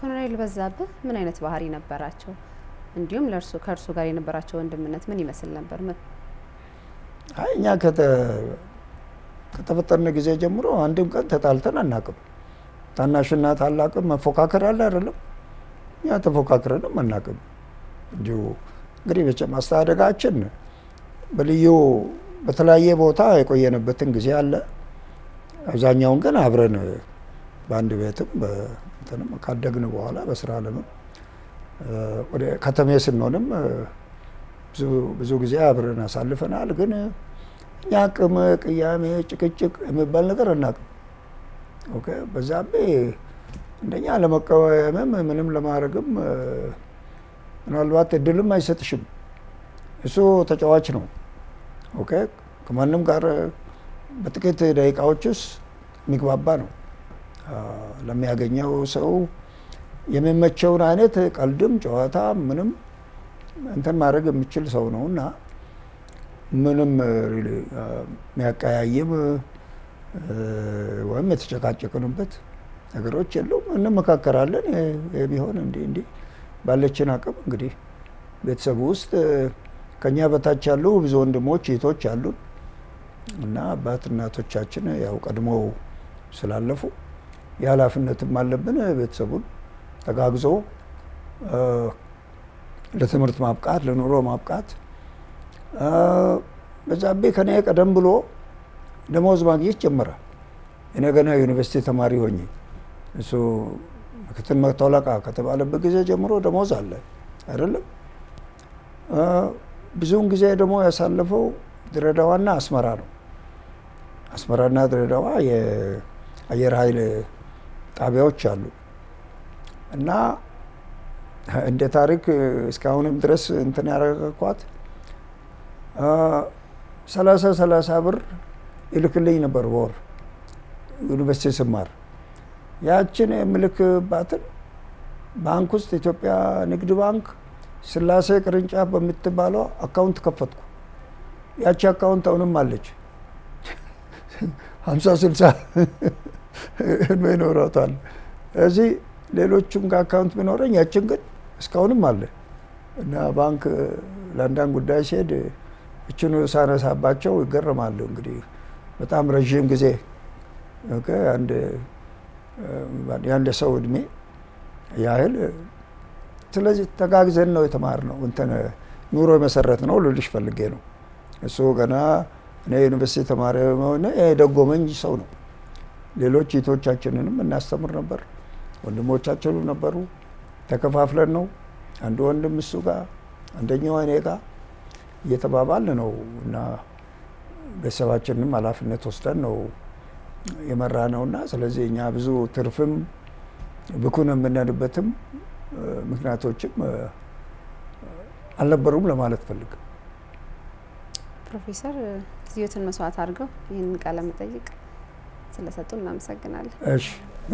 ኮሎኔል በዛብህ ምን አይነት ባህሪ ነበራቸው? እንዲሁም ለእርሱ ከእርሱ ጋር የነበራቸው ወንድምነት ምን ይመስል ነበር? አይ እኛ ከተፈጠርን ጊዜ ጀምሮ አንድም ቀን ተጣልተን አናቅም። ታናሽና ታላቅ መፎካከር አለ አይደለም? እኛ ተፎካክረንም አናቅም። እንዲሁ እንግዲህ መቼም አስተዳደጋችን በልዩ በተለያየ ቦታ የቆየንበትን ጊዜ አለ። አብዛኛውን ግን አብረን በአንድ ቤትም እንትንም ካደግን በኋላ በስራ ዓለምም ወደ ከተሜ ስንሆንም ብዙ ጊዜ አብረን አሳልፈናል። ግን እኛ ቅም ቅያሜ፣ ጭቅጭቅ የሚባል ነገር አናውቅም። በዛቤ እንደኛ ለመቀወምም ምንም ለማድረግም ምናልባት እድልም አይሰጥሽም። እሱ ተጫዋች ነው። ኦኬ ከማንም ጋር በጥቂት ደቂቃዎች ውስጥ የሚግባባ ነው። ለሚያገኘው ሰው የሚመቸውን አይነት ቀልድም ጨዋታ ምንም እንትን ማድረግ የሚችል ሰው ነው እና ምንም የሚያቀያይም ወይም የተጨቃጨቅንበት ነገሮች የሉም። እንመካከራለን። ቢሆን እንዲህ እንዲህ ባለችን አቅም እንግዲህ ቤተሰቡ ውስጥ ከኛ በታች ያሉ ብዙ ወንድሞች እህቶች አሉን እና አባት እናቶቻችን ያው ቀድሞው ስላለፉ የኃላፊነትም አለብን ቤተሰቡን ተጋግዞ ለትምህርት ማብቃት ለኑሮ ማብቃት። በዛቤ ከኔ ቀደም ብሎ ደሞዝ ማግኘት ጀመረ። እኔ ገና ዩኒቨርሲቲ ተማሪ ሆኜ እሱ ምክትል መተውለቃ ከተባለበት ጊዜ ጀምሮ ደሞዝ አለ አይደለም። ብዙውን ጊዜ ደግሞ ያሳለፈው ድሬዳዋና አስመራ ነው። አስመራና ድሬዳዋ የአየር ኃይል ጣቢያዎች አሉ እና እንደ ታሪክ እስካሁንም ድረስ እንትን ያረጋኳት ሰላሳ ሰላሳ ብር ይልክልኝ ነበር በወር ዩኒቨርሲቲ ስማር። ያችን የምልክባትን ባንክ ውስጥ ኢትዮጵያ ንግድ ባንክ ስላሴ ቅርንጫፍ በምትባለው አካውንት ከፈትኩ። ያቺ አካውንት አሁንም አለች ሀምሳ ስልሳ እድሜ ይኖረታል። እዚህ ሌሎቹም ጋር አካውንት ቢኖረኝ ያችን ግን እስካሁንም አለ እና ባንክ ለአንዳንድ ጉዳይ ሲሄድ እችኑ ሳነሳባቸው ይገርማሉ። እንግዲህ በጣም ረዥም ጊዜ የአንድ ሰው እድሜ ያህል ስለዚህ ተጋግዘን ነው የተማርነው እንትን ኑሮ መሰረት ነው ልልሽ ፈልጌ ነው። እሱ ገና እኔ ዩኒቨርሲቲ ተማሪ መሆነ የደጎመኝ ሰው ነው። ሌሎች እህቶቻችንንም እናስተምር ነበር። ወንድሞቻችንም ነበሩ። ተከፋፍለን ነው አንድ ወንድም እሱ ጋር፣ አንደኛው እኔ ጋር እየተባባል ነው እና ቤተሰባችንም ኃላፊነት ወስደን ነው የመራ ነው እና ስለዚህ እኛ ብዙ ትርፍም ብኩን የምንልበትም ምክንያቶችም አልነበሩም ለማለት ፈልግ ፕሮፌሰር ጊዜዎትን መስዋዕት አድርገው ይህንን ቃለ መጠይቅ ስለሰጡ እናመሰግናለን። እሺ